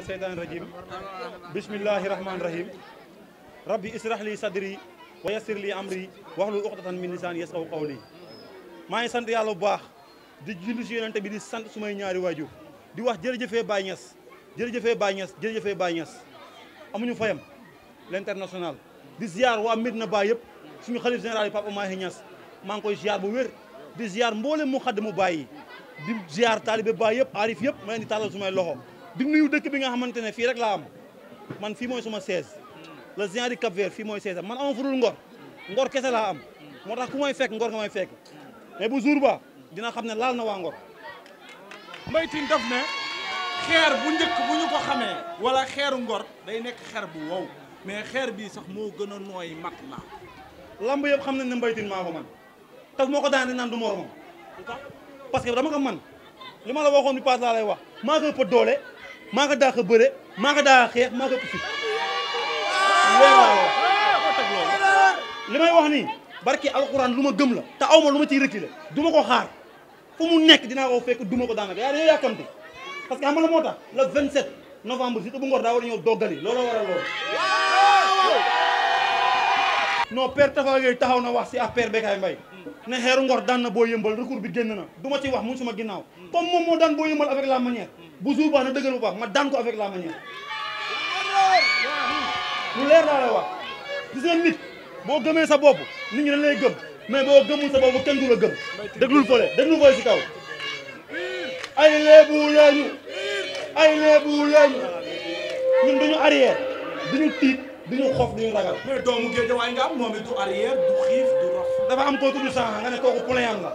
mina seytaani rajim bismillahi rahmaani rahim rabbi israh li sadri wa yassir li amri wahlul uqdatan min lisaani yasqahu qawli maa ngi sant yàlla bu baax di julli si yonente bi di sant sumay ñaari waajur di wax jërëjëfee Baye Niass jërëjëfee Baye Niass jërëjëfee Baye Niass amuñu fayam l'international di ziar waa Medina Baye yëpp suñu xalif général yi Papa Mahi Niass maa ngi koy ziar bu wér di ziar mboolem mu xadd mu bàyyi di ziar taalibe Baye yëpp aarif yëpp ma di nuyu dëkk bi nga xamante ne fii rek laa am man fii mooy suma sees le géant du Cap Vert fii mooy sees man ama furul ngor ngor kese laa am moo tax ku may fekk ngor nga may fekk mais bu jour ba dina xam ne laal na waa ngor Mbaye Tine daf ne xeer bu njëkk bu ñu ko xamee wala xeeru ngor day nekk xeer bu wow mais xeer bii sax moo gën a nooy mat la lamb yëpp xam nañ ne Mbaye Tine maa ko man taf moo ko daan naan du moromam parce que dama ko man li ma la waxoon bi wax maa ko maa ko daa a bëre maa ko daax a xeex maa ko ëpp fit li may wax nii barki alxuraan lu ma gëm la te awma lu ma ciy la du ma ko xaar fu mu nekk dinaa ko fekk duma ko daanaka yaa dañoo yàkkamti parce que xam nga la moo tax le 27 novembre si bu ngor daa war ñëw doggali looloo waral loolu non père Tafa Gueye taxaw na wax si affaire Bécaye Mbaye ne xeeru ngor daan na boo yëmbal recours bi génn na du ma ci wax mu suma ginnaaw comme moom moo daan boo yëmbal avec la manière bu jour baax na dëggal bu baax ma daan ko avec la manière lu leer laa la wax gis nga nit boo gëmee sa bopp nit ñi dañ lay gëm mais boo gëmul sa bopp kenn du la gëm déglul fële déglul fële si kaw ay léebu lañu ay léebu lañu ñun duñu arrière duñu tiit duñu xof duñu ragal. mais am moom it dafa am kooku du sang nga ne kooku poulain nga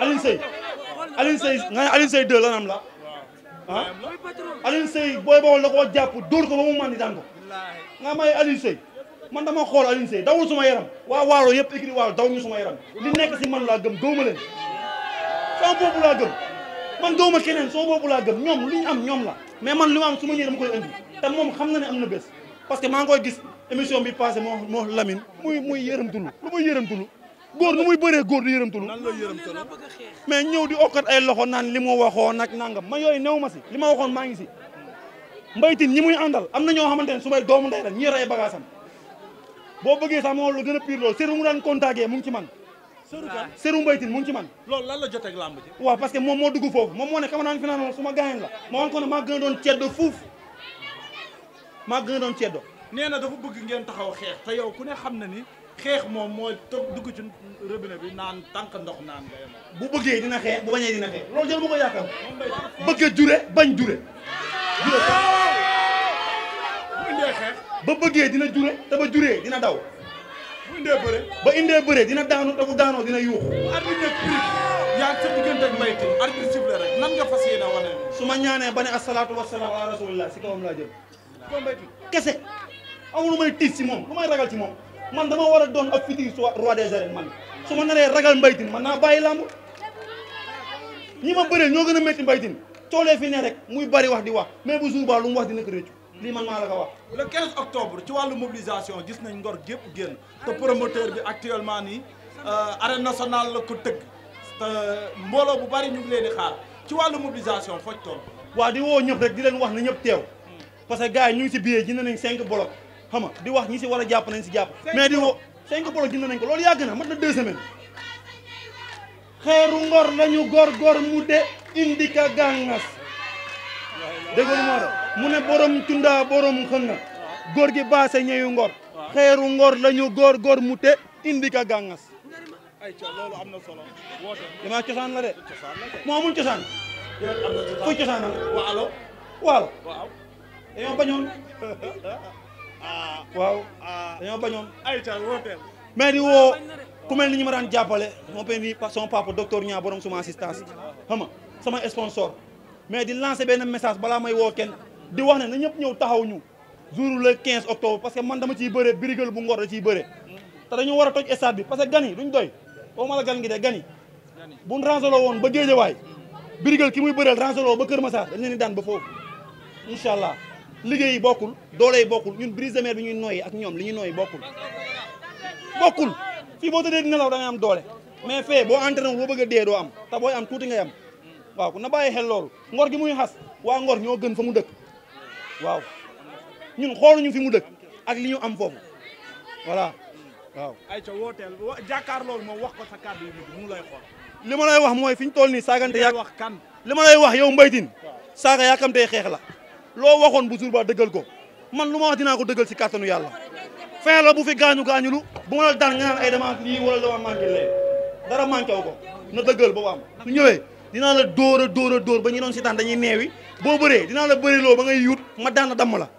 Alioune Seye Alioune Seye nga ne Alioune Seye deux lan am la ah Alioune Seye booy boobu la koo jàpp dóor ko ba mu màndi daan ko nga may Alioune Seye man dama xool Alioune Seye dawul suma yaram waa Waalo yëpp écrit Waalo daw ñu suma yaram li nekk si man laa gëm gëwuma leen sama bopp laa gëm man gëwuma keneen sama bopp laa gëm ñoom li am ñoom la mais man lu ma am su ma ñëwee dama koy indi te moom xam na ne am na bés parce que maa ngi koy gis émission bi passé moo moo Lamine muy muy yërëmtulu lu muy yërëmtulu góor nu muy bëree góor di yërëmtulu mais ñëw di okkat ay loxo naan li mu waxoon ak nangam ma yooyu new ma si li ma waxoon maa ngi si mbaytin ñi muy àndal am na ñoo xamante ne su may doomu ndey la ñi ray bagaasam boo bëggee sax moo lu gën a pire loolu séru mu daan contacté mu ngi man séru mbaytin mu ngi man loolu lan moom moo dugg foofu moom moo ne kama naan fi naan su ma gaañoon la ma wan ko ne maa gën a doon cedd maa gën a doon ceddo nee na dafa bëgg ngeen taxaw xeex te yow ku ne xam na ni xeex moom moo toog dugg ci robinet bi naan tànk ndox naan nga yem bu bëggee dina xeex bu bañee dina xeex loolu jël ma ko yaakaar bëgg a jure bañ jure jure bu indee ba bëggee dina jure te ba juree dina daw bu indee bëre ba indee bëre dina daanu te bu daanoo dina yuuxu arbitre prix yaa sa diggante ak mbayte arbitre siffle rek nan nga fas yéene wane su ma ñaanee ba ne asalaatu wasalaam ala rasulillah si kawam laa jëm kese amul lu may si moom lu may ragal ci moom man dama war a doon ab futur roi des arènes man su ma naree ragal Mbaye man naa bàyyi làmb ñi ma bëreel ñoo gën a métti Mbaye Tine coolee fi ne rek muy bari wax di wax mais bu jour ba lu mu wax dina ko réccu lii man maa la wax. le 15 octobre ci wàllu mobilisation gis nañ Ngor gépp génn te promoteur bi actuellement nii euh, arène nationale la ko tëgg te mbooloo bu bari ñu ngi leen di xaar ci wàllu mobilisation foj tool. waa di woo ñëpp rek di leen wax ne ñëpp teew. parce que gars ñu ngi si biir jënd nañ cinq bloc xam di wax ñi si war a jàpp nañ si jàpp mais di wo cinq bloc jënd nañ ko loolu yàgg na mat na deux semaines xeeru ngor lañu gor gor mu indi ka gàngas dégg gi baase ñeyu ngor xeeru ngor góor góor mu cosaan la de moo amul cosaan fu cosaan na waalo dañoo bañoon ah waaw dañoo bañoon ay taan wooteel mais di woo ku mel ni ñu ma daan jàppale mon père ni son papa docteur ñaa borom suma assistance xam nga sama sponsor mais di lancé benn message balaa may woo kenn di wax ne na ñëpp ñëw taxaw ñu jour le 15 octobre parce que man dama ciy bëre birigal bu ngor da ciy bëre te dañu war a toj stade bi parce que gan yi duñ doy boo ma la gan gi de gan yi buñ woon ba géejawaay birigal ki muy bëreel rangeloo ba Kër Massar dañ leen di daan ba foofu allah liggéey yi bokkul doole yi bokkul ñun brise de mer bi ñuy noyyi ak ñoom li nooy noyyi bokkul bokkul fii boo tëddee di nelaw da am doole mais fee boo entraîné boo bëgg a dee doo am te booy am tuuti ngay am waaw na bàyyi xel loolu ngor gi muy xas waa ngor ñoo gën fa mu dëkk waaw ñun xooluñu fi mu dëkk ak li ñu am foofu voilà waaw. ayca wooteel wa jàkkaarloo moom wax ko sa kàddu yi mu li ma lay wax mooy fi ñu toll nii saagante. li ma lay wax kan li ma lay wax yow Mbaye Tine saaga yàkkamtee xeex la. loo waxoon bu jour ba dëggal ko man lu ma wax dinaa ko dëggal ci kàttanu yàlla fin la bu fi gaañu gaañu lu bu ma la daan nga naan ay dama lii wala dama manqué lee dara manqué wu ko na dëggal boobu am su ñëwee dinaa la dóor a dóor ba ñu doon si daan dañuy neewi boo bëree dinaa la bëriloo ba ngay yuut ma daan a damm la